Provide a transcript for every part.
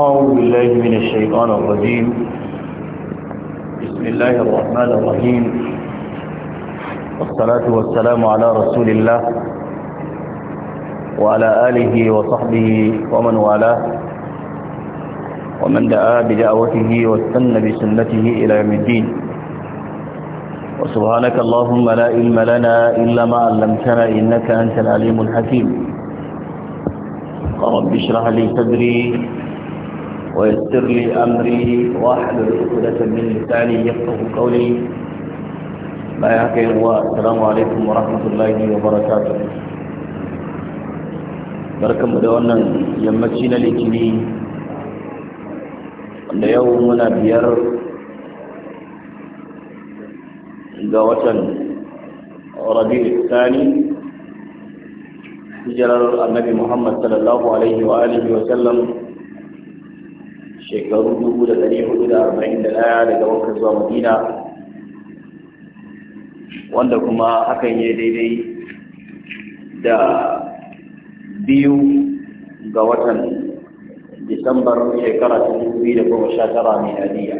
أعوذ بالله من الشيطان الرجيم بسم الله الرحمن الرحيم والصلاة والسلام على رسول الله وعلى آله وصحبه ومن والاه ومن دعا بدعوته واستنى بسنته إلى يوم الدين وسبحانك اللهم لا علم لنا إلا ما علمتنا إنك أنت العليم الحكيم رب اشرح لي صدري ويسر لي أمري واحد عقدة من لساني يفقهوا قولي ما يحكي هو السلام عليكم ورحمة الله وبركاته بركة مدونا يمشينا لجني اليوم من أبيار دعوة ربيع الثاني في جلال النبي محمد صلى الله عليه وآله وسلم shekaru dubu da ɗari hudu da arba'in da ɗaya daga wakar zuwa madina wanda kuma hakan yi daidai da biyu ga watan disambar shekara ta dubu biyu da goma sha tara miladiya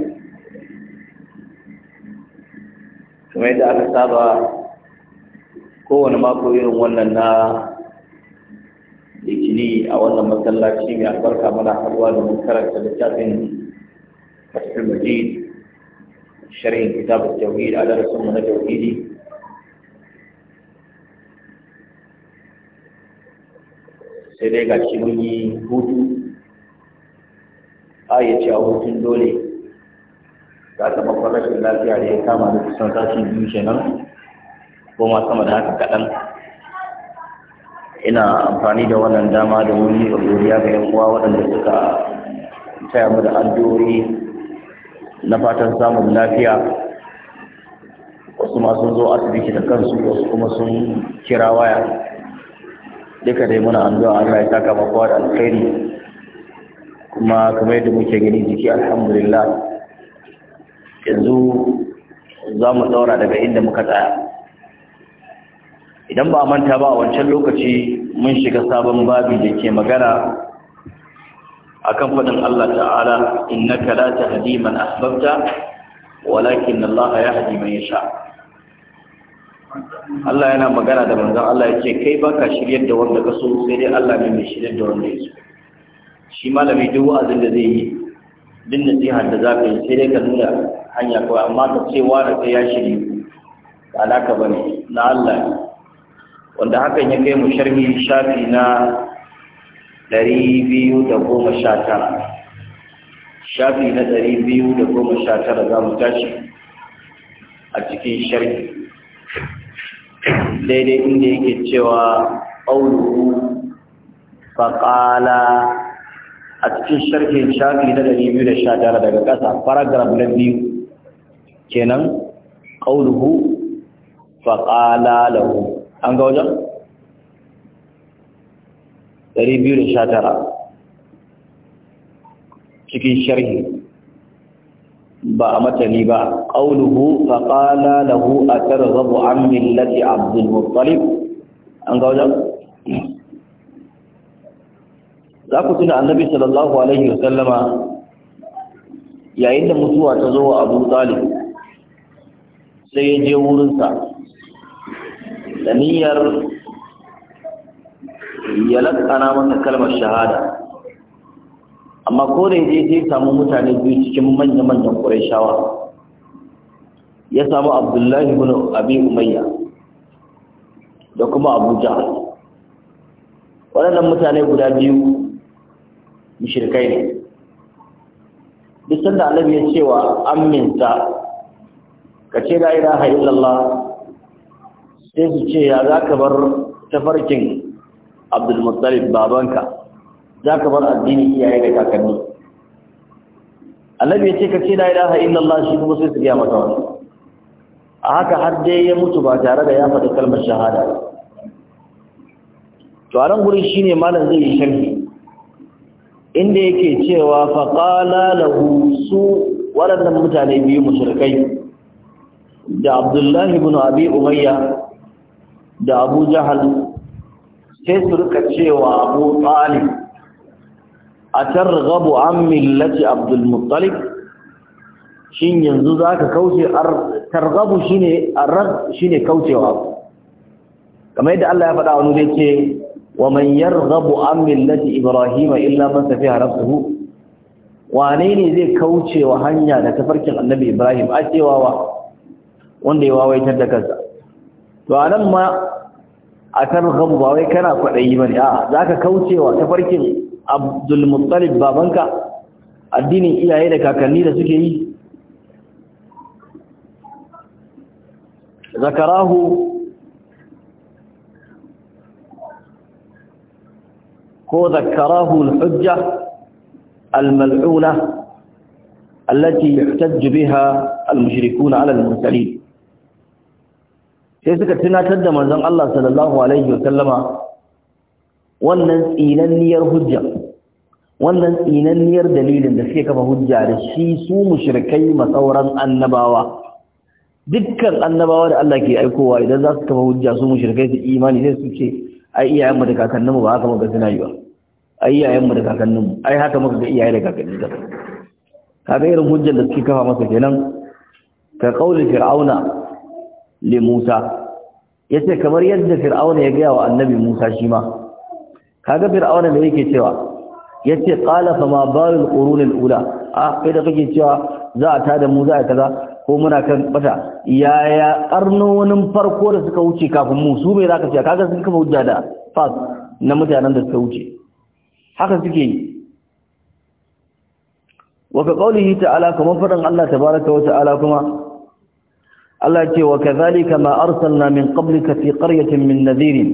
kuma yadda aka saba kowane mako irin wannan na litini a wannan masallaci mai albarka mana haɗuwa da mun karanta littafin fatul majid sharhin kitab tauhid a darasin mu na tauhidi sai dai ga shi mun yi hutu a ya ce a hutun dole ga ta lafiya da ya kama da kusan sashen biyu kenan ko ma sama da haka kaɗan ina amfani da wannan dama da wuri a godiya ga yan uwa waɗanda suka taya mu da addu'o'i na fatan samun lafiya wasu ma sun zo asibiti da kansu wasu kuma sun kira waya duka dai muna an zuwa Allah ya saka maka da alkhairi kuma kamar yadda muke gani jiki alhamdulillah yanzu za mu daura daga inda muka tsaya idan ba a manta ba a wancan lokaci mun shiga sabon babi da ke magana A kan faɗin Allah ta'ala kada ta tahdi man ahbabta walakin Allah yahdi man sha. Allah yana magana da manzan Allah ya ce kai baka shiryar da wanda kaso sai dai Allah ne mai shiryar da wanda ya so. shi malami duk wa'azin da zai yi din nasiha da za ka yi sai dai ka nuna hanya kawai amma ka ce wa da sai ya shiri ba naka ne, na Allah ne wanda hakan ya kai mu sharhi shafi na ɗari biyu da goma sha tara shafi na ɗari biyu da goma sha tara za mu tashi a cikin sharhi daidai inda yake cewa ƙauluhu faƙala a cikin sharhin shafi na ɗari biyu da sha tara daga ƙasa paragraf na biyu kenan ƙauluhu faƙala lahu an ga wajen? 219 cikin sharhi ba a matani ba ƙauluhu faƙala lahu a tarzabu an millati abdulmuttalib an ga wajen? za ku tuna annabi sallallahu alaihi wasallama yayin da mutuwa ta zo wa abu talib sai ya je wurinsa da niyyar ya lakana kalmar shahada amma ko da yaje sai samu mutane biyu cikin manya-manyan Qurayshawa ya samu Abdullahi ibn Abi Umayya da kuma Abuja. waɗannan mutane guda biyu mushrikai ne duk sanda Annabi ya cewa amminta kace la ilaha illallah sai su ce ya za ka bar tafarkin abdulmuttalib babanka za ka bar addini iyaye da kakanni annabi ya ce ka ce la ilaha illallah shi kuma sai su gaya mata wani a haka har dai ya mutu ba tare da ya faɗi kalmar shahada to a nan gurin shine malam zai yi sharhi inda yake cewa faƙala lahu su waɗannan mutane biyu mushrikai da Abdullahi ibn Abi Umayya da abu jahal sai su rika cewa abu talib a targabu an millati abdul muttalib shin yanzu zaka kauce Targabu shi targhabu shine shi ne kaucewa kamar yadda Allah ya faɗa wani zai ce wa man yarghabu an millati ibrahima illa man safiha nafsuhu wane ne zai kaucewa hanya da tafarkin annabi ibrahim a cewa wa? wanda ya wawaitar da kansa to anan ma a kan rabu ba wai kana kwaɗayi ba ne a za ka kaucewa tafarkin abdulmuttalib babanka addinin iyaye da kakanni da suke yi zakarahu ko zakarahu al-hujja al-mal'una allati yuhtajju biha al-mushrikuna 'ala al-mursalin sai suka tunatar da manzon Allah sallallahu alaihi wasallama wannan tsinanniyar hujja wannan tsinanniyar dalilin da suke kafa hujja da shi su mushrikai masauran annabawa dukkan annabawa da Allah ke aikowa idan za su kafa hujja su mushrikai su imani sai su ce ai iyayen mu da kakannin mu ba haka muka suna yi ba ai iyayen mu da kakannin mu ai haka muka ga iyaye da kakannin mu kaga irin hujjar da suke kafa masa kenan ka kaulin fir'auna Limusa Musa yace kamar yadda Fir'auna ya gaya wa Annabi Musa shi ma kaga Fir'auna ne yake cewa yace qala fa ma balul qurun al-ula ah kai da kake cewa za a tada mu za a kaza ko muna kan bata yaya karnonin farko da suka wuce kafin mu su bai zaka cewa kaga sun kafa hujja da fas na mutanen da suka wuce haka suke yi wa ka qawlihi ta'ala kuma fadan Allah tabaaraka wa ta'ala kuma Allah ce wa kazalika ma arsalna min qablika fi qaryatin min nadhirin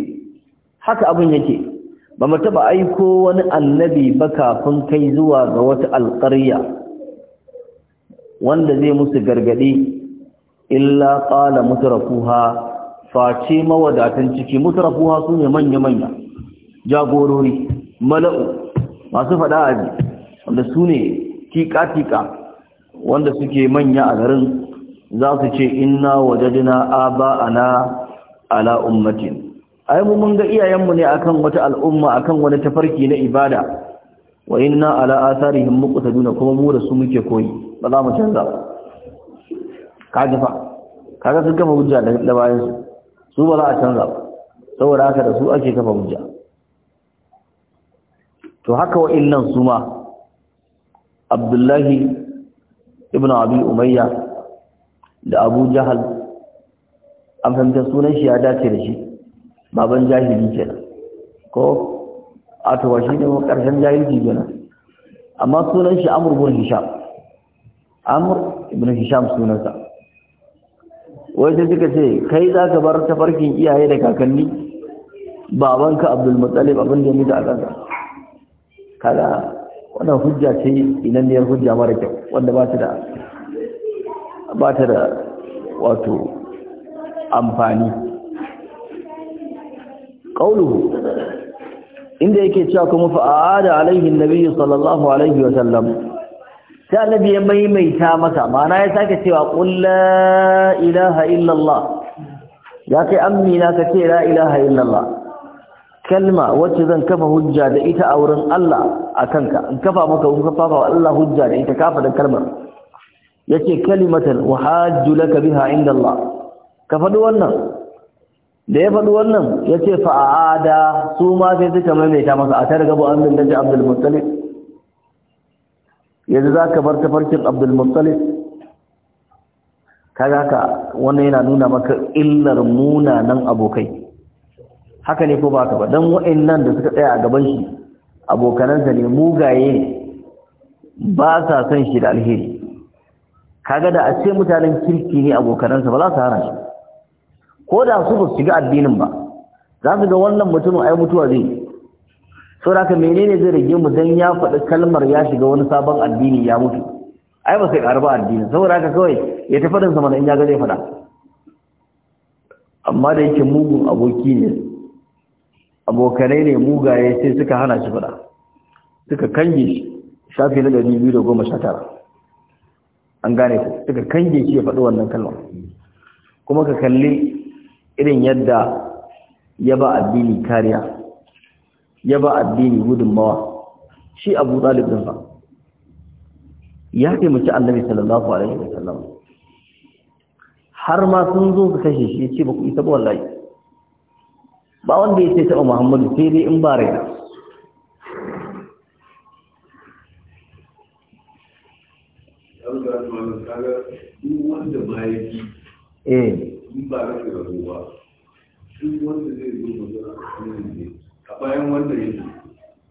haka abun yake ba mu taba aiko wani annabi ba kafin kai zuwa ga wata alƙarya wanda zai musu gargadi illa qala mutrafuha face mawadatan ciki mutrafuha sune manya manya jagorori mala'u masu fada aji wanda sune tika tika wanda suke manya a garin za su ce inna wajadna aba'ana ala ummatin ai mu mun ga iyayenmu ne akan wata al'umma akan wani tafarki na ibada wa inna ala atharihim muqtaduna kuma mu da su muke koyi ba za mu canza kaga fa kaga sun kafa hujja da bayan su su ba za a canza ba saboda haka da su ake kafa hujja to haka wa'annan su ma abdullahi ibn abi umayya da abu jahal an fahimta sunan shi ya dace da shi baban jahili ce ko a towa shi ne karshen jahili kenan amma sunan shi amur bin hisham amur ibn hisham sunansa wai sai suka ce kai za ka bar tafarkin iyaye da kakanni babanka abdul mutsalib abin da ya mutu a kansa Kada wannan hujja ce inanniyar hujja mara kyau wanda ba ta da ba ta da wato amfani ƙauluhu inda yake cewa kuma fa'ada alaihi nabi sallallahu alaihi wa sallam sai nabi ya maimaita masa mana ya sake cewa qul la ilaha illallah ya kai amina ka ce la ilaha illallah kalma wacce zan kafa hujja da ita a wurin Allah akanka in kafa maka in kafa Allah hujja da ita kafa da kalmar yace kalimatan Hajju laka biha inda Allah ka faɗi wannan da ya faɗi wannan yace fa aada su ma sai suka maimaita masa a tare gabo an bin Abdul Muttalib yanzu zaka bar tafarkin Abdul Muttalib kaga ka wannan yana nuna maka illar munanan abokai haka ne ko ba ka ba dan wa'annan da suka tsaya a gaban shi abokanansa ne mugaye ne ba sa son shi da alheri kaga da a ce mutanen kirki ne abokanansa ba za su hana shi ko da su ba su shiga addinin ba za su ga wannan mutumin ai mutuwa zai yi ka menene zai rage mu dan ya faɗi kalmar ya shiga wani sabon addini ya mutu ai ba sai karba addini saboda ka kawai ya tafi da sama in ya ga zai faɗa amma da yake mugun aboki ne abokanai ne mugaye sai suka hana shi faɗa suka kange shi shafi na 219 an gane ku suka kange shi ya faɗi wannan kalma kuma ka kalli irin yadda ya ba addini kariya ya ba addini gudunmawa shi abu ɗalib ɗin ba ya taimaki annabi sallallahu alaihi wasallam har ma sun zo su kashe shi ya ce ba ku isa ba wallahi ba wanda ya ce taɓa muhammadu sai dai in ba rai ya ji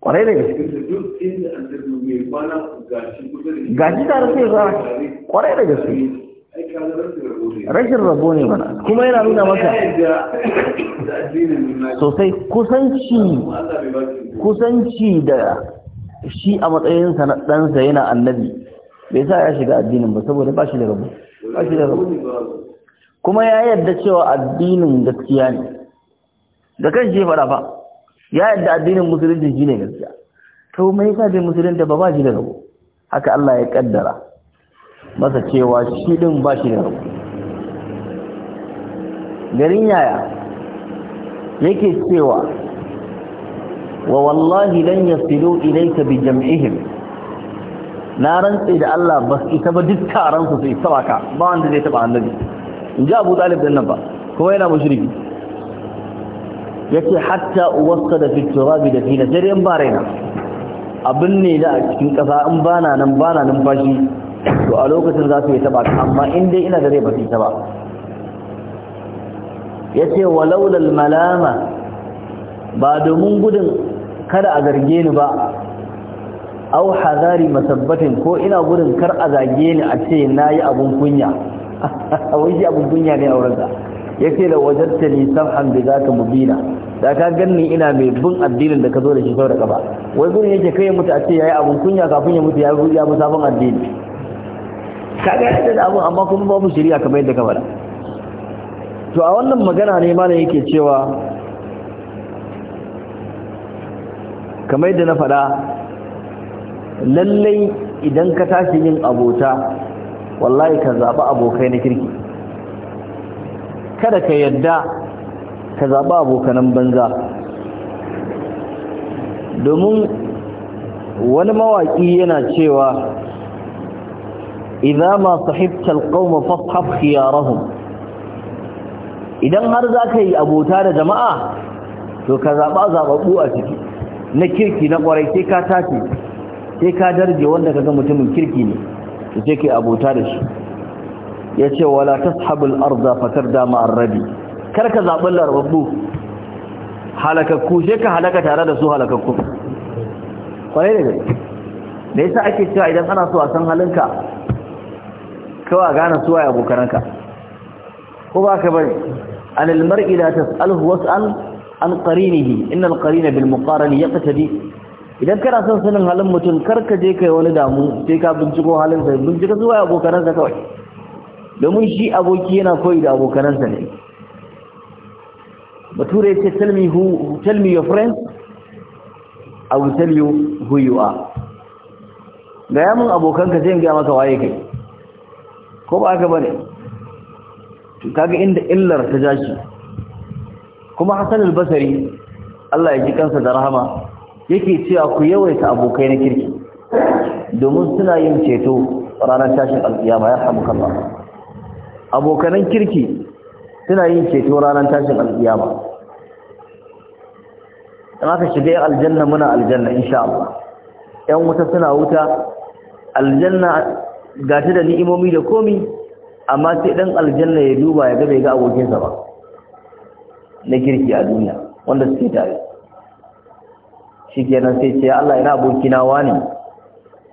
kwarai da gaske rashin rabo ne mana kuma yana nuna maka sosai kusanci kusanci da shi a matsayinsa na ɗansa yana annabi bai sa ya shiga addinin ba saboda ba shi da rabu ba shi da rabu kuma ya yarda cewa addinin gaskiya ne da kan shi fara fa ya yarda addinin musulunci shi ne gaskiya to mai yasa bai musulunta ba ba shi da rabu haka Allah ya kaddara masa cewa shi din ba shi da rabu garin yaya yake cewa wa wallahi lan yasilu ilayka bi jam'ihim na rantse da Allah ba su isa ba duk taron su su isa baka ba wanda zai taba annabi in ji Abu Talib din nan ba kuma yana Ya ce hatta uwassa da fiturabi da fina sai in ba raina abin ne da a cikin ƙasa in bana nan bana nan numfashi to a lokacin za su yi taba amma in dai ina da rai ba su isa ba yace walaula malama ba domin gudun kada a zarge ni ba au hazari masabbatin ko ina gurin kar a zage ni a ce nayi abun kunya wai shi abun kunya ne a wurinka yace da wajatta ni sam'an bi zaka mubina da ka ganni ina mai bin addinin da ka zo da shi sau da kafa wai gurin yake kai mutu a ce yayi abun kunya kafin ya mutu ya ya mu sabon addini ga yadda da abun amma kuma babu shari'a kamar yadda ka faɗa to a wannan magana ne malam yake cewa kamar yadda na fada. lallai idan ka tashi yin abota wallahi ka zaɓi abokai na kirki kada ka yadda ka zaɓi abokanan banza domin wani mawaƙi yana cewa idan ma sahibta alqawma fashab khiyarahum idan har za ka yi abota da jama'a to ka zaɓa zaɓaɓɓu a ciki na kirki na ƙwarai sai ka tashi sai ka darje wanda kaga mutumin kirki ne to sai kai abota da shi yace wala tashabul arda fatarda ma arrabi kar ka zabi larabu halakakku sai ka halaka tare da su halakakku kwarai da gaske da yasa ake cewa idan ana so a san halinka kawai gane su waye abokananka ko ba ka bari an almar'i la tas'alhu was'al an qarinihi inna alqarina bil muqaran yaqtadi idan kana son sanin halin mutum kar ka je kai wani damu sai ka binciko halin sa bincika zuwa abokanansa kawai domin shi aboki yana koyi da abokanansa ne bature ce tell me who tell me your friends i will tell you who you are gaya yamin abokanka ka in gaya maka waye kai ko ba haka bane to kaga inda illar ta jashi kuma hasan al-basri Allah ya ji kansa da rahama yake cewa ku yawaita abokai na kirki domin suna yin ceto ranar tashin alkiyama ya samu kalla abokanan kirki suna yin ceto ranar tashin alkiyama in aka shiga yin aljanna muna aljanna insha Allah yan wuta suna wuta aljanna ga ta da ni'imomi da komi amma sai dan aljanna ya duba ya ga bai ga abokinsa ba na kirki a duniya wanda suke tare shi kenan sai ce Allah yana abokina wani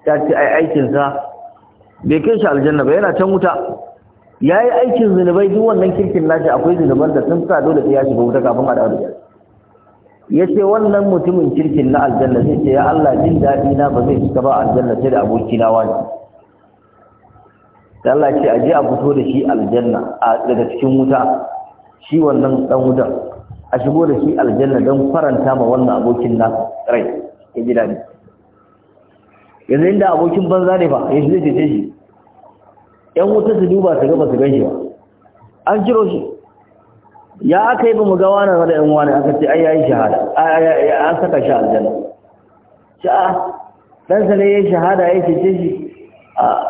ta ce ai aikinsa bai kai shi aljanna ba yana can wuta ya yi aikin zunubai duk wannan kirkin nashi akwai zunuban da sun sa dole sai ya shiga wuta kafin a dawo ya ce wannan mutumin kirkin na aljanna sai ce ya Allah jin daɗi na ba zai shiga ba aljanna sai da abokina wani da Allah ce a je a fito da shi aljanna a daga cikin wuta shi wannan dan wutan a shigo da shi aljanna don faranta ma wannan abokin na rai ya ji daɗi yanzu inda abokin banza ne ba ya shi zai ce shi yan wuta su duba su gaba su gan shi ba an kiro shi ya aka yi ba mu gawa na da yan ne aka ce ai yayi shahada an saka shi aljanna shi a ah, ɗansa ne ya yi shahada ya ce shi a ah,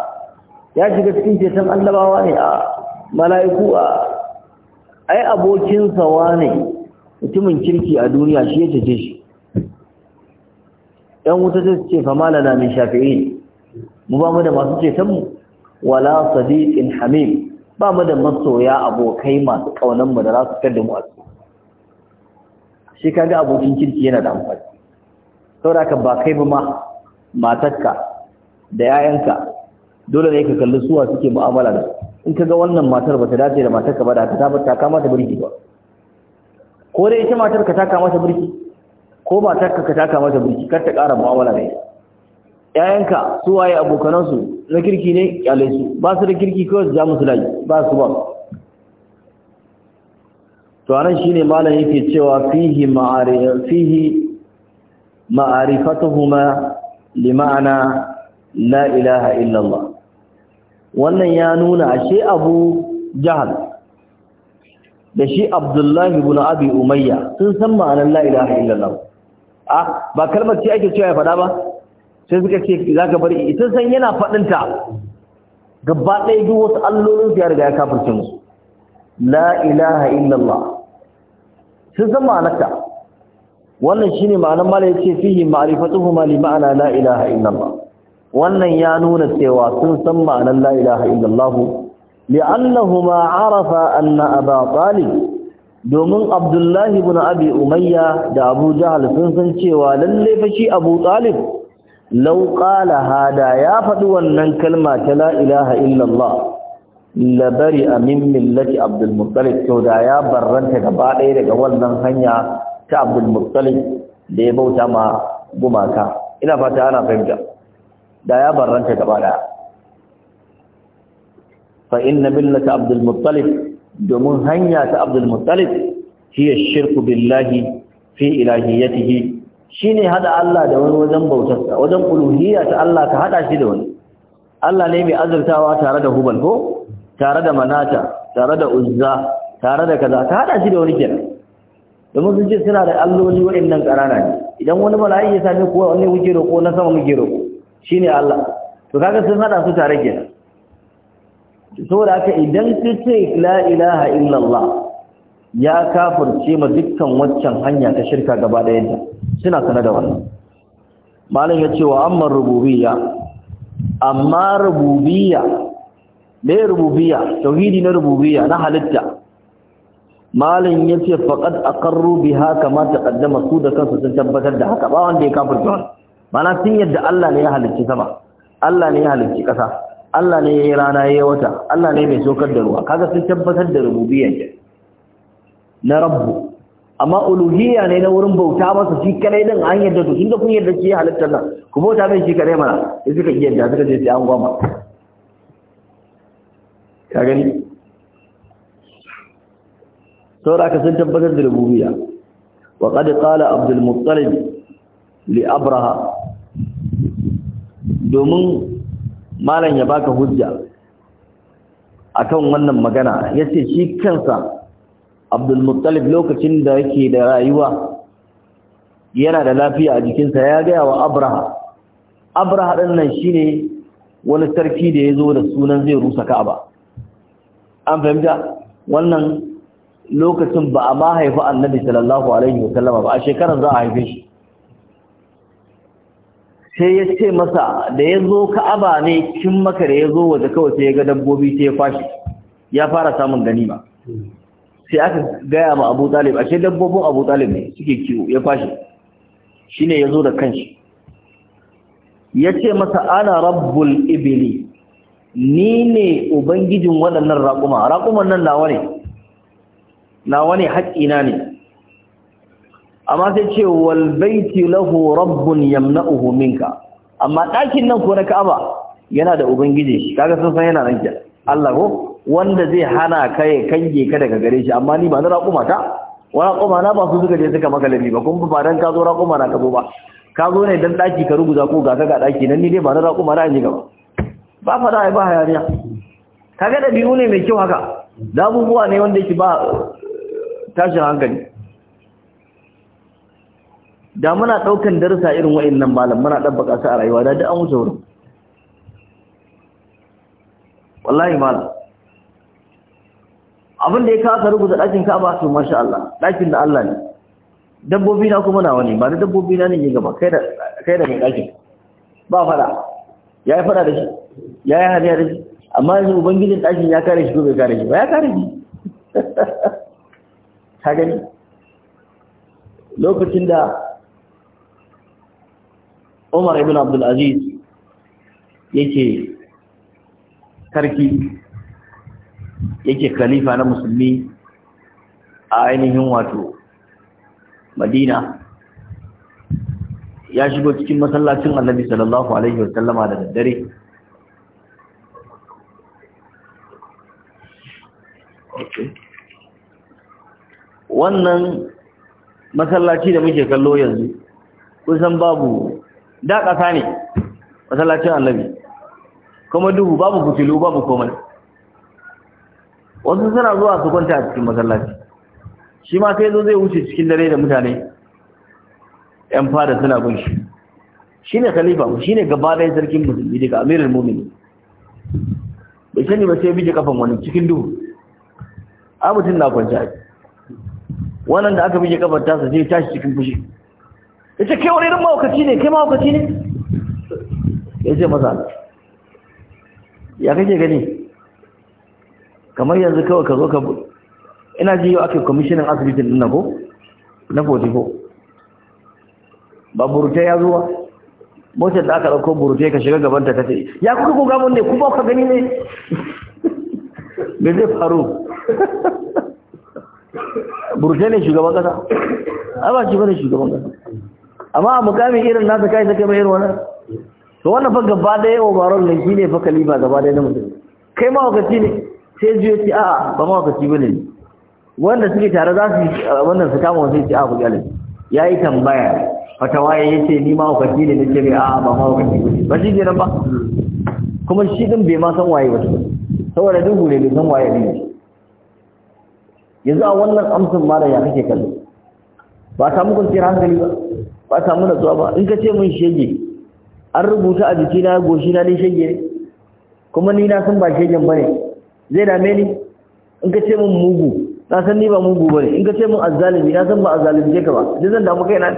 ya shiga cikin ceton annabawa ne a ah, mala'iku a ai abokinsa wane mutumin kirki a duniya shi ya cece shi ɗan wuta ta ce fama na min shafi'in mu ba mu da masu ceton mu wala sadiqin hamim ba mu da masoya abokai masu kaunan mu da za su fitar da mu a shi ga abokin kirki yana da amfani saboda ka ba kai ba ma matarka da 'ya'yanka dole ne ka kalli suwa suke mu'amala da in ka ga wannan matar ba ta dace da matarka ba da ka tabbata kama ta birki ba ko dai ita matar ka taka mata birki ko matar ka taka mata birki kar ta ƙara mu'amala da ita ƴaƴanka su waye abokanan na kirki ne kyale su ba su da kirki kawai su ja musu laji ba su ba to anan shine malam yake cewa fihi ma'arif fihi ma'arifatuhuma lima'ana la ilaha illallah wannan ya nuna ashe abu jahal da shi abdullahi ibn abi umayya sun san ma'anar la ilaha illallah ah ba kalmar ce ake cewa ya faɗa ba sai suka ce zaka bari ita san yana faɗin ta gaba ɗaya duk wasu allolin su ya riga ya kafirce musu la ilaha illallah sun san ma'anar ta wannan shine ma'anar mala yace fihi ma'rifatuhuma li ma'ana la ilaha illallah wannan ya nuna cewa sun san ma'anar la ilaha illallah li'annahuma arafa anna aba talib domin abdullahi ibn abi umayya da abu jahal sun san cewa lalle fa shi abu talib law qala hada ya faɗi wannan kalma ta la ilaha illallah la bari min millati abdul muttalib to da ya barranta gaba ɗaya daga wannan hanya ta abdul muttalib da ya bauta ma gumaka ina fata ana fahimta da ya barranta gaba ɗaya fa inna millata abdul muttalib domin hanya ta abdul muttalib hiya shirku billahi fi ilahiyatihi shine hada Allah da wani wajen bautarsa wajen uluhiyya ta Allah ka hada shi da wani Allah ne mai azurtawa tare da Hubal ko tare da Manata tare da Uzza tare da kaza ka hada shi da wani kenan domin sun ce suna da alloli waɗannan ƙarana ne idan wani mala'i ya sami ko wani wuce roƙo na sama muke roƙo shine Allah to kaga sun hada su tare kenan saboda haka idan ka ce la ilaha illallah ya kafirce ma dukkan waccan hanya ta shirka gaba yadda suna sana da wannan malam ya ce wa amma rububiyya amma rububiyya me rububiyya tauhidi na rububiyya na halitta malam ya ce rubi haka ma ta ƙaddama su da kansu sun tabbatar da haka ba wanda ya kafirce wani mana sun yadda Allah ne ya halicci sama Allah ne ya halicci ƙasa Allah ne ya yi rana ya yi wata Allah ne mai sokar da ruwa kaga sun tabbatar da rububiyyar da na rabbu amma uluhiyya ne na wurin bauta masa shi kadai din an yadda to kinga kun yadda ke halittar nan ku bauta mai shi kadai mana sai suka yadda suka je sai an goma ka gani saboda ka sun tabbatar da rububiyya wa qad qala abdul muttalib li abraha domin malam ya baka hujja akan wannan magana yace shi kansa Abdul Muttalib lokacin da yake da rayuwa yana da lafiya a jikinsa ya gaya wa Abraha Abraha din nan shine wani sarki da yazo da sunan zai rusa Ka'aba an fahimta wannan lokacin ba a ma haifi Annabi sallallahu alaihi wasallama ba a shekarar za a haife shi sai ya ce masa da ya zo ka'aba ne kin maka da ya zo waje kawai sai ya ga dabbobi sai ya fashi ya fara samun ganima sai aka gaya ma abu talib ashe dabbobin abu talib ne suke kiwo ya fashi Shi ne ya zo da kanshi ya ce masa ana rabbul ibili ni ne ubangijin waɗannan raƙuma raƙuman nan nawa ne nawa ne haƙƙina ne amma sai ce wal baiti lahu rabbun yamna'uhu minka amma ɗakin nan ko na Ka'aba yana da ubangiji kaga sun san yana nan ke Allah ko wanda zai hana ka ya kange ka daga gare shi amma ni ba na raƙuma ta wa raƙuma na ba su suka je suka maka labi ba kun ba dan ka zo raƙuma na ka zo ba ka zo ne dan ɗaki ka ruguza ko ga ka ga ɗaki nan ni dai ba na raƙuma na an yi gaba ba fada ai ba hayaniya kaga biyu ne mai kyau haka da abubuwa ne wanda yake ba eh, tashin hankali da muna ɗaukan darasa irin wa'annan malam muna ɗabbaka su a rayuwa da duk an wuce wurin wallahi malam abin da ya kawo ka rubuta ɗakin ba su masha Allah ɗakin da Allah ne dabbobi na kuma nawa ne ba da dabbobi na ne ke gaba kai da kai da mai ɗakin ba fada ya yi fada da shi ya yi hariya da shi amma yanzu ubangijin ɗakin ya kare shi ko bai kare shi ba ya kare shi ka gani lokacin da umar ibn abdulaziz yake sarki yake khalifa na musulmi a ainihin wato madina ya shigo cikin masallacin annabi sallallahu alaihi wa sallama da daddare wannan masallaci da muke kallo yanzu kusan babu da ƙasa ne masallacin annabi kuma duhu babu fitilu babu komai wasu suna zuwa su kwanta a cikin masallaci shi ma sai zo zai wuce cikin dare da mutane yan fada suna bin shi shi ne khalifa shi ne gaba ɗaya sarkin musulmi daga amirin mumini bai sani ba sai bije kafan wani cikin duhu a mutum na kwanci wannan da aka bije kafan tasa sai tashi cikin fushi Yace ke wani irin mahaukaci ne ke mahaukaci ne ya ce masa ya kake gani kamar yanzu kawai ka zo ka ina ji yau ake kwamishinan asibitin din na ko na 44 ba burtai ya zuwa motar da aka ɗauko burtai ka shiga gabanta ka ce ya kuka ko gamon ne kuma ka gani ne me zai faru burtai ne shugaban ƙasa a ba shi bane shugaban ƙasa amma a mukamin irin nasa kai kai mai irin wannan to wannan fa gaba da yawa baron ne shine fa kalifa gaba da na mutum kai ma wakati ne sai ji yace a'a ba ma wakati bane wanda suke tare za su wannan su kama wani ce a ku gale yayi tambaya fatawa yace ni ma wakati ne nake mai a'a ba ma wakati bane ba shi ne ba kuma shi din bai ma san waye ba saboda duhu ne bai san waye ne yanzu a wannan amsin mara ya kake kallo ba a samu kwanciyar hankali ba ba a samu natsuwa ba in ka ce min shege an rubuta a jiki na goshi na dai shege ne kuma ni na san ba shegen ba ne zai dame ni in ka ce min mugu na san ni ba mugu ba ne in ka ce min azzalimi na san ba azzalimi ka ba duk zan damu kaina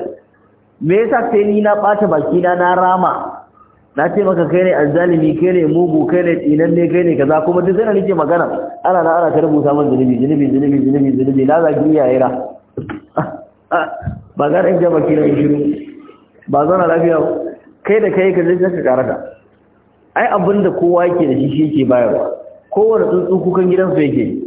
me yasa sai ni na ɓata baki na na rama na ce maka kai ne azzalimi kai ne mugu kai ne ne kai ne kaza kuma duk zai nake magana ana na ana ta rubuta min zunubi zunubi zunubi zunubi zunubi na zagi iyayena ba za a yi jama kila in shiru ba zauna lafiya kai da kai ka je ka karata ai abinda kowa yake da shi shi ke bayarwa kowane tsuntsu kukan gidansu yake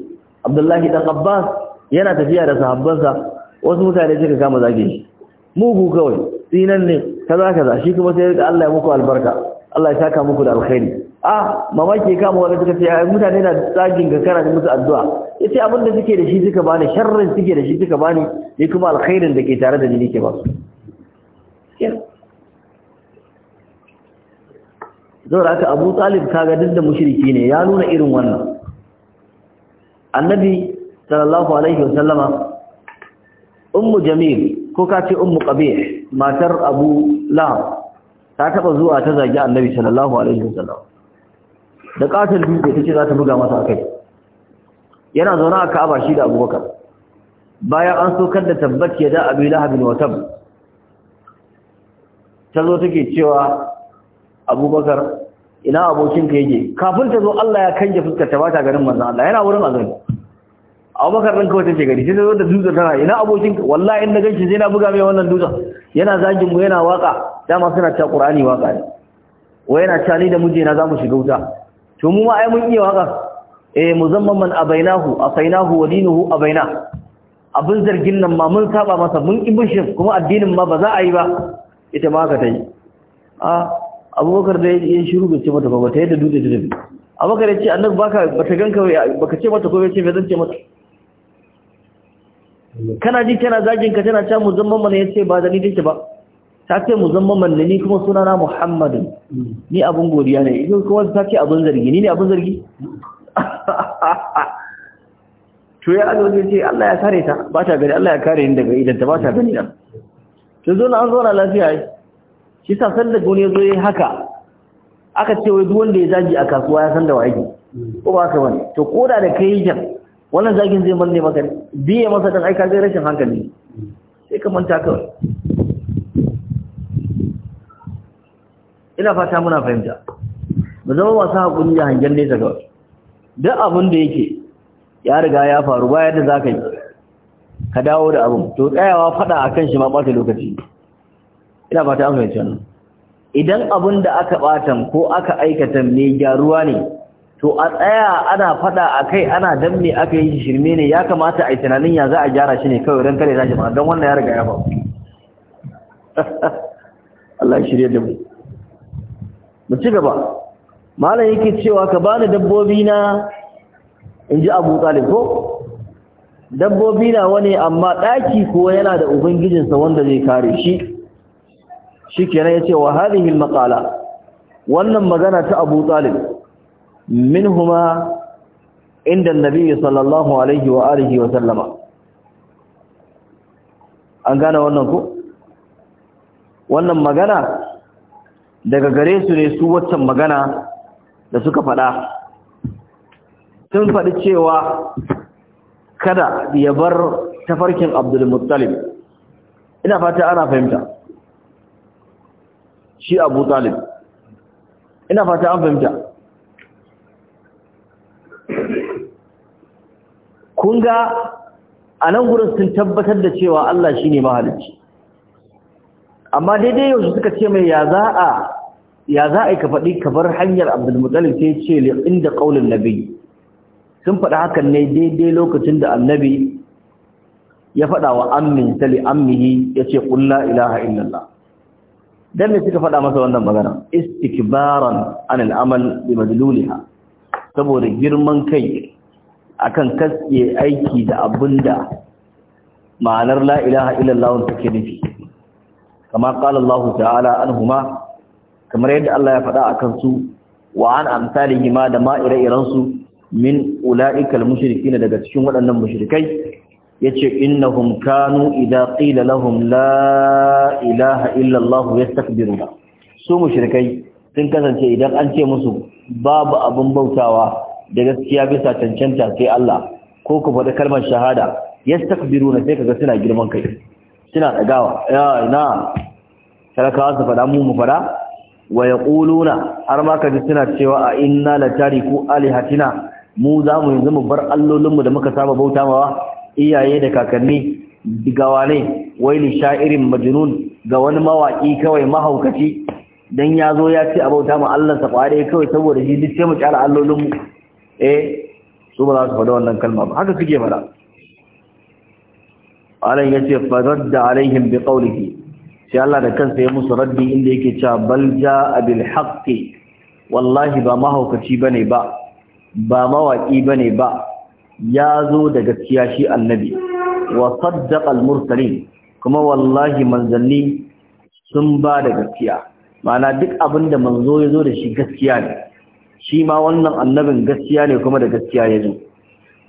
abdullahi dan abbas yana tafiya da sahabbansa wasu mutane suka kama zage shi mugu kawai tsinan ne kaza kaza shi kuma sai Allah ya muku albarka Allah ya saka muku da alkhairi ah mamaki kama wanda suka ce mutane na zagin ka kana musu addu'a yace abin da suke da shi suka bani sharrin suke da shi suka bani ni kuma alkhairin da ke tare da ni nake ba su zaura aka abu talib kaga duk da mushriki ne ya nuna irin wannan annabi sallallahu alaihi wasallama ummu jamil ko ka ce ummu qabih matar abu la ta taba zuwa ta zagi annabi sallallahu alaihi wasallama da katar dutse tace za ta buga masa akai yana zaune a Ka'aba shi da Abubakar bayan an sokar da tabbat ya da abu Lahab bin Watab tazo take cewa Abubakar ina abokin ka yake kafin ta zo Allah ya kanje fuska ta bata garin manzon Allah yana wurin azumi Abubakar ɗin kawai take gari sai zo da dutsen tana ina abokin ka wallahi in na ganshi sai na buga mai wannan dutsen yana zagin mu yana waka dama suna ta Qur'ani waka ne wai yana tani da mijina zamu shiga wuta to mu ma ai mun iya waka eh muzammaman abainahu afainahu wadinuhu abaina abin zargin nan ma mun saba masa mun ibishin kuma addinin ma ba za a yi ba ita ma ka ta yi a abubakar da ya shiru bai ce mata ba ta yadda dutse da dabi abubakar ya ce annabi baka bata ganka baka ce mata ko ya ce bai zance mata kana ji tana zagin ka tana cewa muzammaman ya ce ba da ni dinki ba ta ce muzammaman ne ni kuma sunana muhammadin mm. ni abun godiya ne idan kuma ta ce abun zargi ni ne abun zargi to ya azo ne ce Allah ya kare ta ba ta gani Allah ya kare ni daga idan ta ba ta gani nan to zo na an zo na lafiya yi shi sa san da gone zo haka aka ce wai duk wanda ya zagi a kasuwa ya san da waye ko ba ka bane to koda da kai jan wannan zagin zai manne maka biye masa dan aika zai rashin hankali sai ka manta kawai ina fata muna fahimta mu zama masu haƙuri da hangen nesa kawai duk abin da yake ya riga ya faru bayan da zaka yi ka dawo da abin to tsayawa fada akan shi ma bata lokaci ina fata an fahimci wannan idan abin da aka batan ko aka aikata mai gyaruwa ne to a tsaya ana fada akai ana dan aka yi shirme ne ya kamata a yi tunanin ya za a gyara shi ne kawai ran kare tashi ba dan wannan ya riga ya faru Allah ya shirye da mu mu ci gaba malam yake cewa ka bani dabbobi na inji Abu Talib ko dabbobi na wani amma daki kuwa yana da ubangijinsa wanda zai kare shi shikenan yace wa hadhihi almaqala wannan magana ta Abu Talib minhuma inda annabi sallallahu alaihi wa alihi wa sallama an gane wannan ko wannan magana daga gare su ne su waccan magana da suka faɗa sun faɗi cewa kada ya bar tafarkin muttalib ina fata ana fahimta shi abu talib ina fata an fahimta kun ga a nan gurin sun tabbatar da cewa Allah shi ne mahalicci amma daidai yau suka ce mai ya za a ya za a yi ka faɗi ka bar hanyar abdulmutsalif sai ce inda ƙaunin nabi sun faɗi hakan ne daidai lokacin da annabi ya faɗa wa ammin tali ammihi ya ce ƙulla ilaha illallah don ne suka faɗa masa wannan magana istikbaran an al'amal bi madluliha saboda girman kai akan kaske aiki da abinda ma'anar la ilaha illallah take nufi kama qala Allah ta'ala anhuma kamar yadda Allah ya faɗa akan su wa an amsalihi ma da ma ire-iren su min ula'ikal mushrikin daga cikin waɗannan mushrikai yace innahum kanu idza qila lahum la ilaha illa Allah yastakbiruna su mushrikai sun kasance idan an ce musu babu abin bautawa da gaskiya bisa cancanta sai Allah ko ku faɗi kalmar shahada yastakbiruna sai kaga suna girman kai suna dagawa ya ina sarakawa su faɗa mu mu faɗa wa yaquluna har ma ka ji suna cewa a inna la tariku alihatina mu za mu yanzu mu bar allolin mu da muka saba bauta mawa iyaye da kakanni ga wane wai li sha'irin majnun ga wani mawaki kawai mahaukaci dan ya zo ya ci a bauta mu Allah sa fare kawai saboda shi duk sai mu kyara allolinmu eh su ba za su faɗa wannan kalma ba haka suke fara alayhi ya ce alaihim bi qawlihi sai Allah da kansa ya musu raddi inda yake cewa bal jaa bil haqqi wallahi ba mahaukaci bane ba ba mawaki bane ba ya zo da gaskiya shi annabi wa saddaqa al mursalin kuma wallahi manzanni sun ba da gaskiya ma'ana duk abinda manzo ya zo da shi gaskiya ne shi ma wannan annabin gaskiya ne kuma da gaskiya ya zo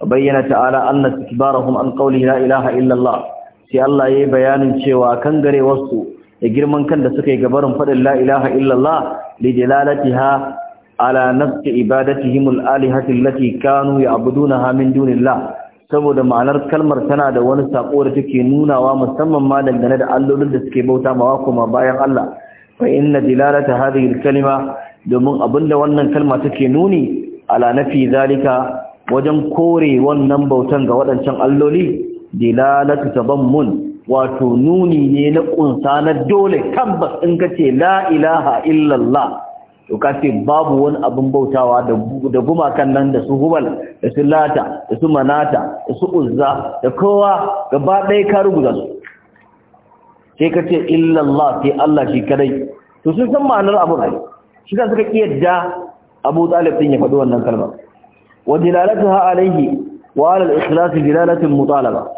bayyana ta'ala anna istikbarahum an qawli la ilaha illa Allah sai Allah ya yi bayanin cewa kan garewarsu da girman kan da suka yi gabarin faɗin la'ilaha illallah li ha ala nafsi ibadatihim al-alihati allati kanu ya'budunaha min saboda ma'anar kalmar tana da wani sako da take nunawa musamman ma dangane da allolin da suke bauta mawa kuma bayan Allah fa inna dilalata hadhihi kalima domin abinda wannan kalma take nuni ala nafi zalika wajen kore wannan bautan ga waɗancan alloli dilalatu tadammun wato nuni ne na kunsa na dole tabbas in kace la ilaha illallah to kace babu wani abin bautawa da gumakan nan da su hubal da su lata da su manata da su uzza da kowa gaba ɗaya ka rubuta su sai kace illallah sai Allah shi kadai to sun san ma'anar abu ai shi ka suka kiyarda Abu Talib din ya faɗi wannan kalmar. wa dilalatuha alayhi wa ala al-ikhlas dilalatun mutalaba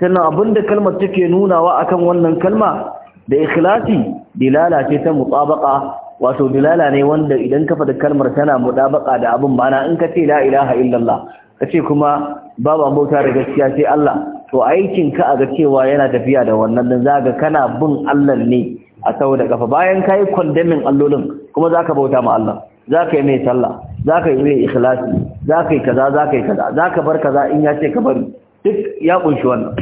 sannan abinda kalmar take nunawa akan wannan kalma da ikhlasi dilala ce ta mutabaka wato dilala ne wanda idan ka da kalmar tana mutabaka da abin bana in ka ce la ilaha illallah kace kuma babu abota da gaskiya sai Allah to aikin ka ga cewa yana tafiya da wannan dan zaka kana bin Allah ne a sau da kafa bayan kai condemning allolin kuma zaka bauta ma Allah zaka yi mai sallah zaka yi mai ikhlasi zaka yi kaza zaka yi kaza zaka bar kaza in ya ce ka bari duk ya kunshi wannan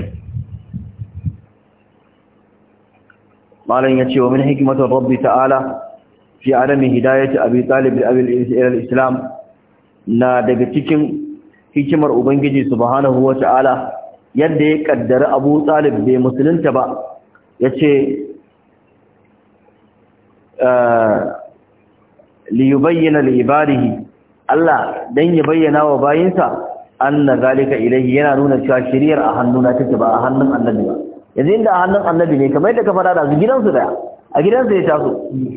malam yace wa min hikmatir rabbi ta'ala fi adami hidayati abi talib abi al-islam na daga cikin hikimar ubangiji subhanahu ta'ala yadda ya kaddara abu talib bai musulunta ba yace ah, li yubayyana li Allah dan ya bayyana wa bayinsa anna zalika ilayhi yana nuna cewa shiriyar a hannuna take ba a hannun annabi ba yanzu inda a hannun annabi ne kamar yadda ka fara da su gidansu daya a gidansu ya taso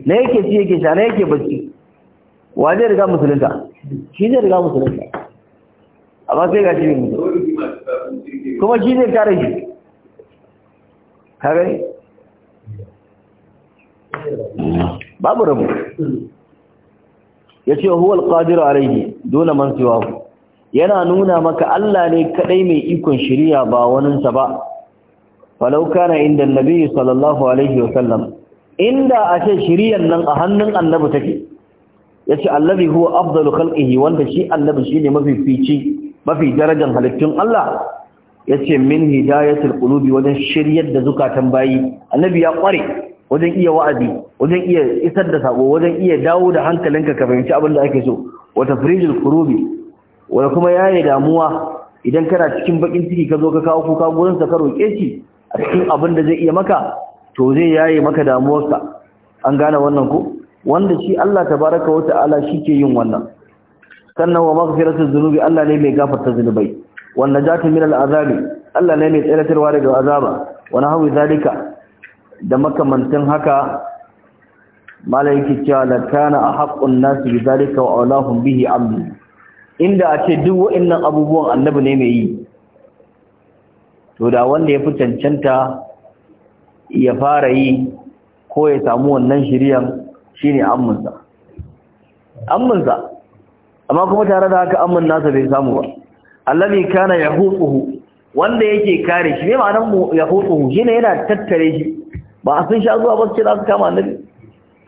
na yake ci yake sha na yake bacci wa zai riga musulunta shi zai riga musulunta amma sai ga shi mutum kuma shi zai kare shi kare babu rabu ya ce huwal qadiru alaihi dole man ku. yana nuna maka Allah ne kadai mai ikon shiriya ba waninsa ba falau kana inda annabi sallallahu alaihi wasallam inda a ce shiriyan nan a hannun annabi take yace allazi huwa afdalu khalqihi wanda shi annabi shine mafi fici mafi darajar halittun Allah yace min hidayatul qulubi wajen shiryar da zukatan bayi annabi ya kware wajen iya wa'azi wajen iya isar da sako wajen iya dawo da hankalinka ka fahimci abin da ake so wa tafrijul qulubi wani kuma ya yi damuwa idan kana cikin bakin ciki ka zo ka kawo kuka gurin sa ka roƙe shi a cikin abin da zai iya maka to zai yaye maka damuwarsa an gane wannan ko wanda shi Allah tabaraka wa ta'ala ke yin wannan sannan wa maghfiratu Zunubi, Allah ne mai gafarta zunubai wan najatu minal azabi Allah ne mai tsiratarwa daga azaba wa nahwi zalika da makamantan haka malaiki cewa la kana an nasi bi zalika wa aulahum bihi amin inda a ce duk wa'innan abubuwan annabi ne mai yi to da wanda ya fi cancanta ya fara yi ko ya samu wannan shiryan shine amminsa amminsa amma kuma tare da haka ammin nasa bai samu ba allazi kana yahuquhu wanda yake kare shi me ma'anar yahuquhu shine yana tattare shi ba a sun sha zuwa ba su ce za su kama annabi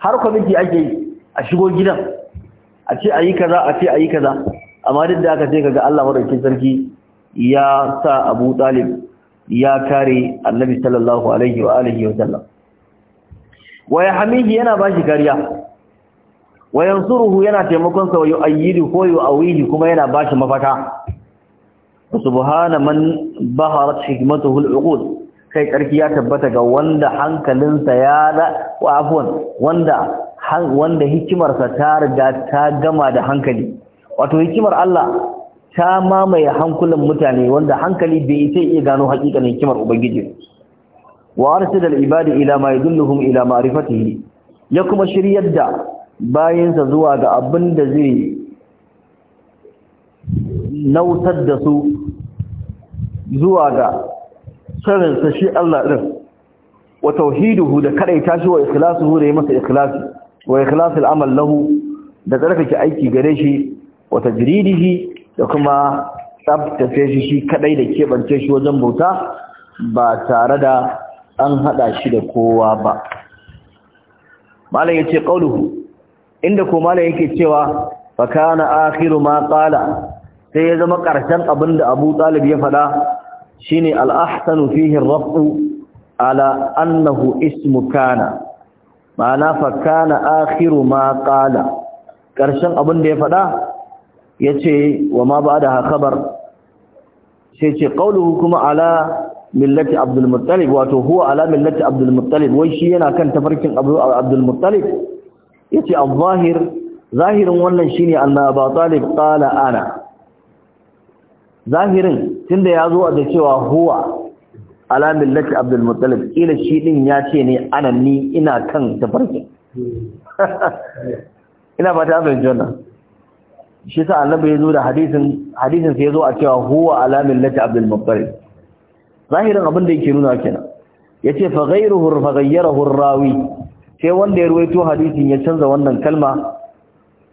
har kwamiti ake yi a shigo gidan a ce a yi kaza a ce a yi kaza amma duk da aka ce kaga Allah madaukakin sarki ya sa Abu Talib ya kare Annabi sallallahu alaihi wa alihi wa sallam wa yahmihi yana bashi kariya wa yansuruhu yana taimakon sa wa yu'ayyidu ko yu'awihi kuma yana bashi mafaka subhana man baharat hikmatuhu al'uqud kai karki ya tabbata ga wanda hankalinsa ya da wa afwan wanda wanda hikimarsa ta riga ta gama da hankali wato hikimar Allah ta mamaye hankulan mutane wanda hankali bai sai iya gano haƙiƙanin hikimar ubangiji wa arsala al-ibadi ila ma yadulluhum ila ma'rifatihi ya kuma shiryar da bayansa zuwa ga abin da zai nautar da su zuwa ga sa shi Allah din wa tauhiduhu da kadaita shi wa ikhlasuhu da yi masa ikhlasi wa ikhlasul amal lahu da tsarkake aiki gare shi wata jiridihi da kuma tsabtace shi shi kadai da keɓance shi wajen bauta ba tare da an haɗa shi da kowa ba malam ya ce ƙauluhu inda ko malam yake cewa fa kana akhiru ma qala sai ya zama ƙarshen abin da abu talib ya faɗa shine al-ahsanu fihi rafu ala annahu ismu kana ma'ana fa kana akhiru ma qala ƙarshen abin da ya faɗa yace wa ma ba'da khabar sai ce qauluhu kuma ala millati abdul muttalib wato huwa ala millati abdul muttalib wai shi yana kan tafarkin abdul muttalib yace al-zahir zahirin wannan shine anna ba talib qala ana zahirin tunda yazo a da cewa huwa ala millati abdul muttalib kila shi din ya ce ne ana ni ina kan tafarkin ina ba ta abin jona shi sa annabi ya zo da hadisin hadisin sai ya zo a cewa huwa Alamin, Lati, abdul muttalib zahirin abin da yake nuna kenan yace fa ghayruhu fa ghayyarahu rawi sai wanda ya ruwaito hadisin ya canza wannan kalma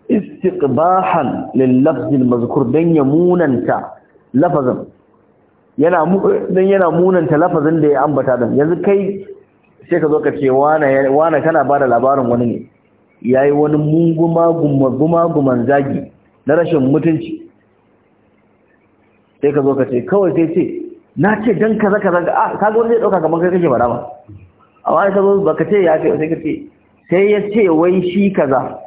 istiqbahan lil lafz al mazkur dan ya munanta lafazin yana dan yana munanta lafazin da ya ambata dan yanzu kai sai ka zo ka ce wana wana kana bada labarin wani ne yayi wani magumma guma guman zagi na rashin mutunci sai ka zo ka ce kawai sai ce na ce dan kaza kaza a ah, kaga wani zai dauka kamar kai kake bara ba A wani ka zo ba ka ce ya ce sai ka ce sai ya ce wai shi kaza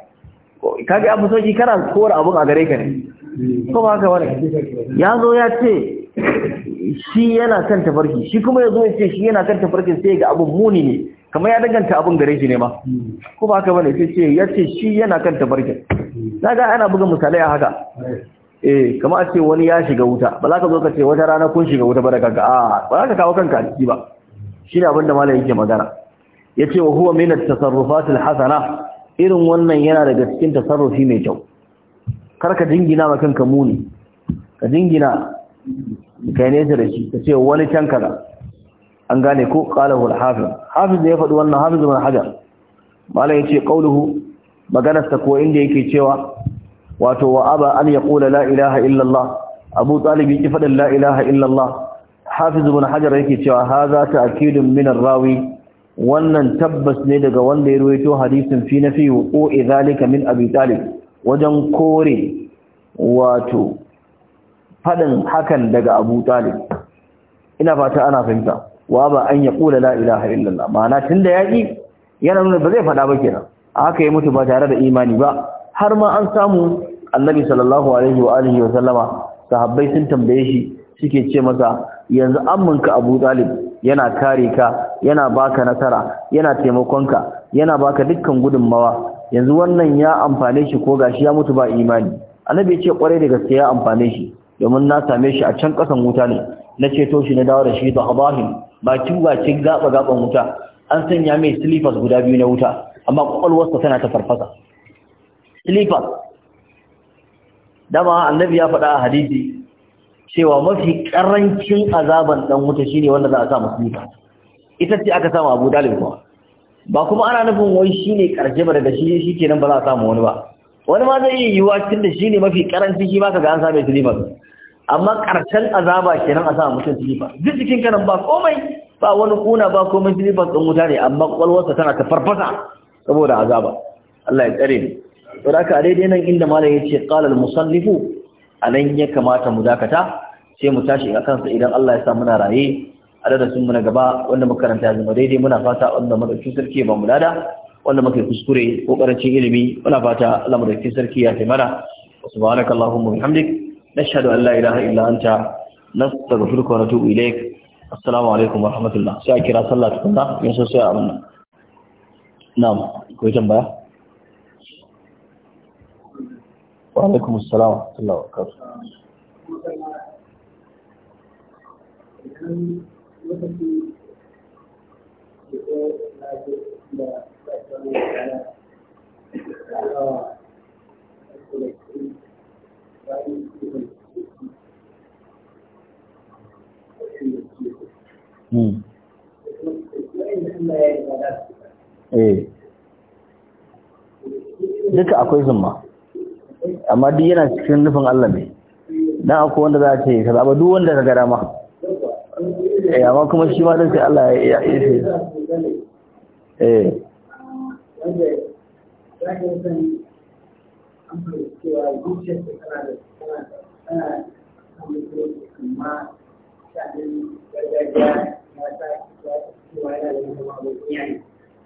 kaga abu sauki kana kora abun a gare ka ne ko ba haka wani ya zo ya ce shi yana kan tafarki shi kuma ya zo ya ce shi yana kan tafarkin sai ga abun muni ne kamar ya danganta abun gare shi ne ma ko ba haka wani sai ce ya ce shi yana kan tafarkin na ga ana buga misalai a haka eh kama a ce wani ya shiga wuta ba za ka zo ka ce wata rana kun shiga wuta ba da kanka a ba za ka kawo kanka a ciki ba shi ne abinda da malam yake magana ya ce wa huwa min tasarrufatul hasana irin wannan yana daga cikin tasarrufi mai kyau kar ka dingina ma kanka muni ka dingina kai ne da shi ka ce wani can kaza an gane ko qalahu al-hafiz hafiz ya faɗi wannan hafiz ibn hajar malam ce ƙaunuhu. maganarsa ko inda yake cewa wato wa aba an yaqula la ilaha illa Allah Abu Talib yake fadin la ilaha illa Allah Hafiz ibn Hajar yake cewa haza ta'kidun min ar-rawi wannan tabbas ne daga wanda ya ruwaito hadisin fi nafi ko idhalika min Abi Talib wajen kore wato fadin hakan daga Abu Talib ina fata ana fahimta wa ba an yaqula la ilaha illa Allah ma'ana tunda yaki yana nuna ba zai fada ba kenan aka yi mutu ba tare da imani ba har ma an samu annabi sallallahu alaihi wa alihi wa sallama sahabbai sun tambaye shi suke ce masa yanzu amminka Abu Talib yana kare ka yana baka nasara yana taimakon ka. yana baka dukkan gudunmawa yanzu wannan ya amfane shi ko gashi ya mutu ba imani annabi ya ce kwarai da gaske ya amfane shi domin na same shi a can kasan wuta ne na ceto shi na dawo da shi da abahin bakin bakin gaba gaban wuta an sanya mai silifas guda biyu na wuta amma kwakwalwarsa tana ta farfasa silifas dama annabi ya faɗa a hadisi cewa mafi ƙarancin azaban ɗan wuta shine wanda za a sa musulika ita ce aka samu abu dalil kuma ba kuma ana nufin wai shine ƙarshe ba daga shi shi nan ba za a samu wani ba wani ma zai yi yiwuwa cikin da shine mafi ƙarancin shi ma ka ga an same silifas amma ƙarshen azaba kenan a sa mutum silifas duk cikin kanan ba komai ba wani kuna ba komai silifas ɗan wuta ne amma ƙwaƙwalwarsa tana ta farfasa saboda azaba Allah ya tsare ni to da ka daidai nan inda malam yace qala al musallifu anan ya kamata mu dakata sai mu tashi akan sa idan Allah ya sa muna raye darasin mu na gaba wanda makaranta ya zama daidai muna fata wanda madauki sarki ba mu lada wanda muke kuskure ko karancin ilimi muna fata Allah madauki sarki ya taimara subhanakallahumma bihamdik nashhadu an la ilaha illa anta nastaghfiruka wa natubu ilaik assalamu alaikum wa rahmatullah sai a kira sallah tukunna yin a na'am ko tambaya wa alaikum assalam wa rahmatullahi wa Hmm. Eh. duka akwai zumma amma duk yana cikin nufin Allah ne dan akwai wanda za a ce kaza ba duk wanda ka gara ma eh amma kuma shi ma dan sai Allah ya ya eh Yeah.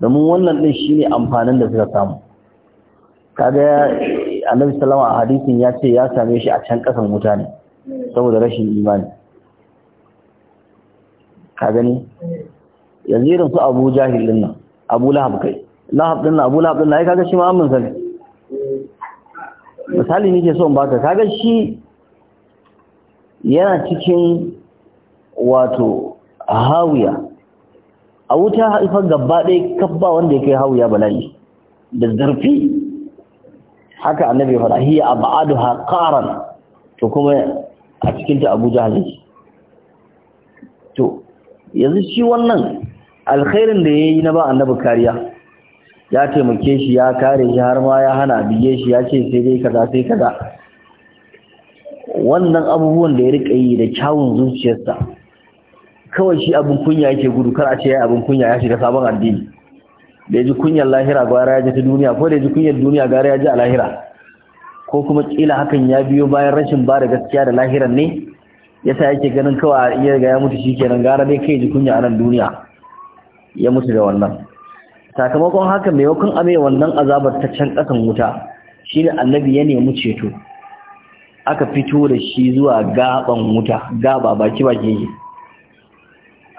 domin wannan din shine amfanin da suka samu kaga annabi sallama a hadisin ya ce ya same shi a can kasan mutane saboda rashin imani ka gani yanzu su abu jahil din nan abu lahab kai lahab din nan abu lahab din nan ai kaga shi ma amin sani misali nake so in baka kaga shi yana cikin wato hawiya a wuta haifar gaba ɗaya kabba wanda ya kai hau ya bala'i da zarfi haka annabi fara hiya ab'aduha qaran to kuma a cikin Abuja Hajji to yanzu shi wannan alkhairin da ya yi na ba annabi kariya ya taimake shi ya kare shi har ma ya hana bige shi ya ce sai dai kaza sai kaza wannan abubuwan da ya rika yi da kyawun zuciyarsa kawai shi abin kunya yake gudu kar a ce ya abin kunya ya shiga sabon addini da ya ji kunyar lahira gwara ya ji ta duniya ko da ya ji kunyar duniya gwara ya ji a lahira ko kuma kila hakan ya biyo bayan rashin ba da gaskiya da lahiran ne yasa yake ganin kawai a iya ga ya mutu shikenan gara dai kai ji kunya a nan duniya ya mutu da wannan sakamakon haka maimakon a mai wannan azabar ta can kasan wuta shine annabi ya nemi ceto aka fito da shi zuwa gaban wuta gaba baki baki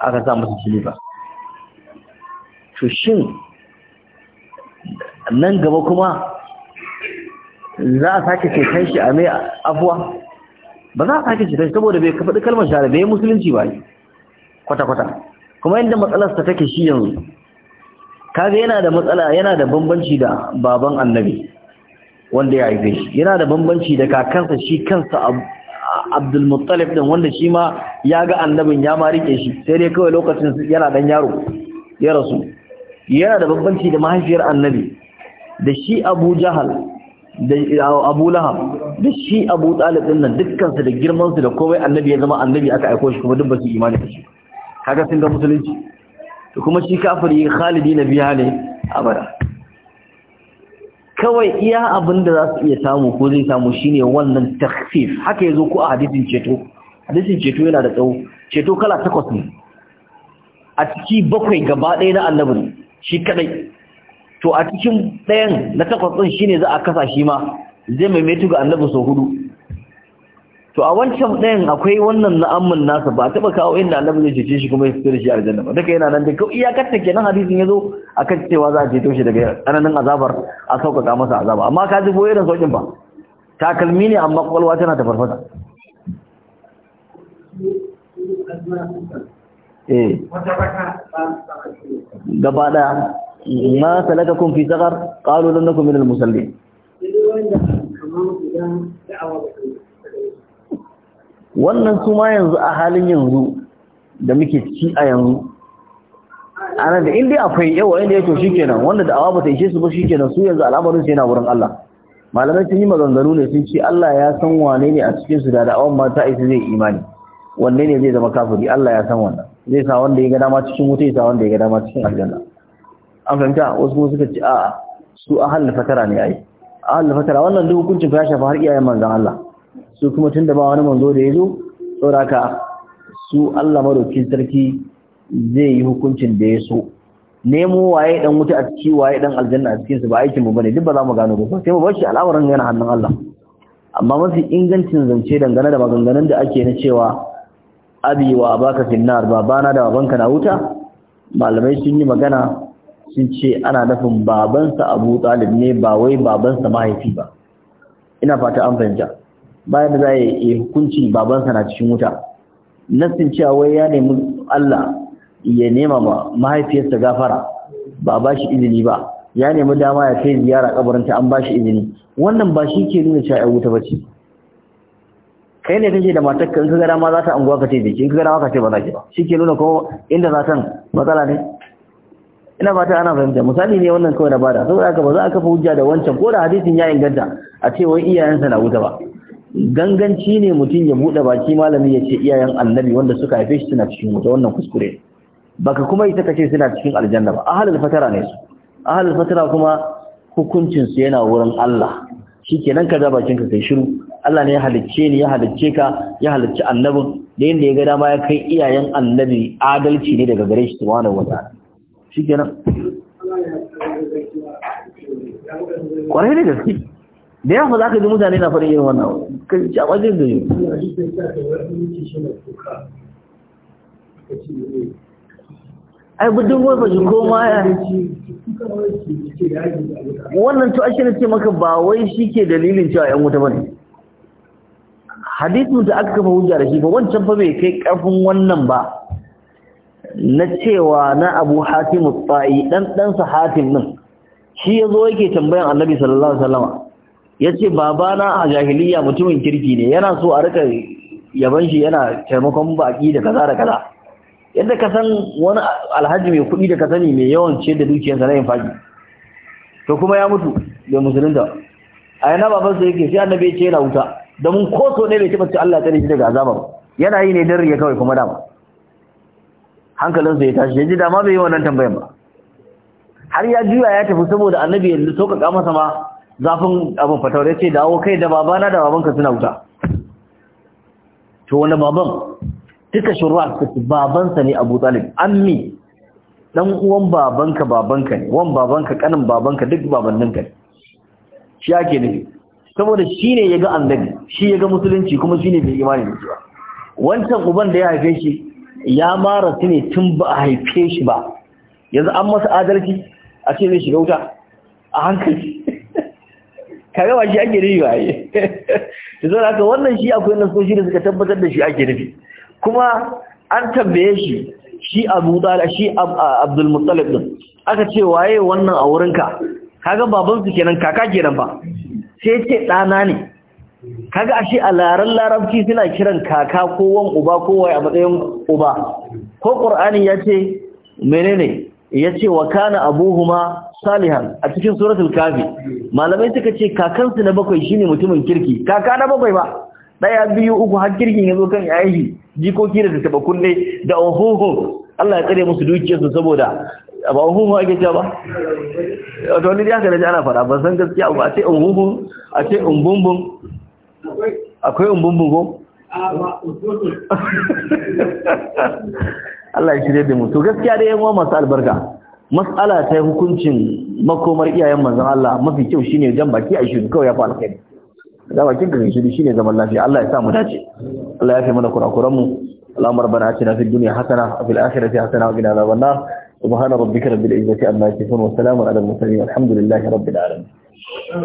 aka za musu jini ba to shin nan gaba kuma za a sake ceton shi a mai abuwa ba za a sake ceton shi saboda bai kafaɗi kalmar shahada bai musulunci ba kwata-kwata kuma yadda matsalarsa take shi yanzu kaga yana da matsala yana da bambanci da baban annabi wanda ya yi shi yana da bambanci da kakansa shi kansa Abdul Muttalib din wanda shi ma ya ga annabin ya ma rike shi sai dai kawai lokacin yana dan yaro ya rasu yana da babbanci da mahaifiyar annabi da shi Abu Jahal da Abu Lahab da shi Abu Talib din nan dukkan su da girman su da komai annabi ya zama annabi aka aika shi kuma duk ba su imani da shi kaga sun ga musulunci to kuma shi kafiri Khalidi na biya ne abada kawai iya abin da za su iya samu ko zai samu shine wannan takfif haka ya zo ko a hadisin ceto hadisin ceto yana da tsawo ceto kala takwas ne a ciki bakwai gaba ɗaya na annabin shi kadai to a cikin ɗayan na takwas ɗin ne za a kasa shi ma zai maimaitu ga annabin sau hudu to a wancan ɗayan akwai wannan na'amun nasa ba taɓa kawo inda annabi zai cece shi kuma ya fito da shi aljanna ba duka yana nan da kau iyakar ta kenan hadisin ya zo kan cewa za a ceto shi daga tsananin azabar a sauƙaƙa masa azaba amma ka ji boye da sauƙin ba takalmi ne amma ƙwaƙwalwa tana ta farfasa eh gaba ɗaya ma salaka kun fi tsakar, ƙalu don na kun min al-musallin. wanda kamar da'awa ba wannan su ma yanzu a halin yanzu da muke ciki a yanzu ana da inda akwai yawa inda ya to kenan, wanda da awa bata ishe su ba kenan su yanzu al'amarin su yana wurin Allah malamai sun yi maganganu ne sun ce Allah ya san wane ne a cikin su da da'awan ma ta isa zai imani wanne ne zai zama kafiri Allah ya san wannan zai sa wanda ya ga dama cikin wuta ya sa wanda ya ga dama cikin aljanna an fahimta wasu kuma suka ce a'a su ahal fatara ne ai ahal fatara wannan duk hukuncin ya shafa har iyayen manzon Allah su kuma da ba wani manzo da ya zo sauraka su Allah madaukin sarki zai yi hukuncin da ya so nemo waye dan wuta a ciki waye dan aljanna a cikin su ba aikin mu bane duk ba za mu gano ba sai mu bar shi al'amuran yana hannun Allah amma mafi ingancin zance dangane da maganganun da ake na cewa abi wa baka finnar babana da babanka na wuta malamai sun yi magana sun ce ana nufin babansa abu talib ne ba wai babansa mahaifi ba ina fata an fahimta bayan da za a yi hukunci babansa na cikin wuta nassin cewa wai ya nemi Allah ya nema ma mahaifiyarsa gafara ba ba shi izini ba ya nemi dama ya kai ziyara kabarin ta an ba shi izini wannan ba shi ke nuna cewa ya wuta ba ce kai ne kake da matar ka in ka ga dama za ta anguwa ka ce in ka ga dama ka ce ba za ki ba shi ke nuna ko inda za san matsala ne ina fata ana fahimta misali ne wannan kawai na bada saboda haka ba za a kafa hujja da wancan ko da hadisin ya inganta a ce wai iyayensa na wuta ba ganganci ne mutum ya buɗe baki malami ya ce iyayen annabi wanda suka haife shi suna cikin wuta wannan kuskure baka kuma ita kace suna cikin aljanna ba ahlul fatara ne su ahlul fatara kuma hukuncin su yana wurin Allah shikenan ka da bakin ka kai shiru Allah ne ya halicce ni ya halicce ka ya halicci annabin da yanda ya ga dama ya kai iyayen annabi adalci ne daga gare shi subhanahu wataala shikenan kwarai da gaske da yawa za ka ji mutane na faɗin yin wannan kan ci a wajen da yi ai budin wata koma ya wannan to ashe na ce maka ba wai shi ke dalilin cewa yan wuta bane hadithun da aka kafa hujja da shi ba wancan fa bai kai karfin wannan ba na cewa na abu hatimu tsayi dan dan sa hatim din shi zo yake tambayan annabi sallallahu alaihi wasallama ya ce babana a jahiliya mutumin kirki ne yana so a rika yaban shi yana taimakon baki da kaza da kaza yadda ka san wani alhaji mai kuɗi da ka sani mai yawan ce da dukiyarsa na yin faki to kuma ya mutu da musulunta a yana babansa yake sai annabi ce yana wuta da mun koso ne bai taɓa ce Allah ya shi daga azaba yana yi ne don riya kawai kuma dama hankalinsa ya tashi ya ji dama bai yi wannan tambayar ba har ya juya ya tafi saboda annabi ya sauƙaƙa masa ma zafin abin fataure ya ce awo kai da babana da babanka suna wuta to wani baban duka shirwa su babansa ne abu talib ammi dan uwan babanka babanka ne wan babanka kanin babanka duk babanninka ne shi ake nufi saboda shi ne ya ga annabi shi ya ga musulunci kuma shi ne mai imani da cewa wancan uban da ya haife shi ya mara su ne tun ba a haife shi ba yanzu an masa adalci a ce zai shiga wuta a hankali kaga ba shi ake nufi ba yi da haka wannan shi akwai nasoshi da suka tabbatar da shi ake nufi kuma an tambaye shi shi abu dala shi abdul muttalib din aka ce waye wannan a wurinka kaga babansu kenan kaka kenan ba sai ce ɗana ne kaga shi a laran larabci suna kiran kaka ko wan uba ko waye a matsayin uba ko ƙur'ani ya ce menene yace wa kana abuhuma salihan a cikin suratul kafi malamai suka ce kakansu na bakwai shine mutumin kirki kaka na bakwai ba daya biyu uku har kirkin yazo kan yayi jikoki da taba kunne da ohoho Allah ya tsare musu su saboda ba ohoho ake cewa ba to ni da kana ana fara ban san gaskiya ba a ce ohoho a ce umbumbum akwai umbumbum ko Allah ya shirye da mu to gaskiya da yan uwa masu albarka mas'ala ta hukuncin makomar iyayen manzon Allah mafi kyau shine jan baki a shiru kawai ya fa alkhairi da bakin gari shi shine zaman lafiya Allah ya sa mu dace Allah ya fi mana kurakuran mu Allahumma rabbana atina fid dunya hasana wa fil akhirati hasana wa qina adhaban nar subhana rabbika rabbil izzati amma yasifun wa salamun ala al mursalin alhamdulillahi rabbil alamin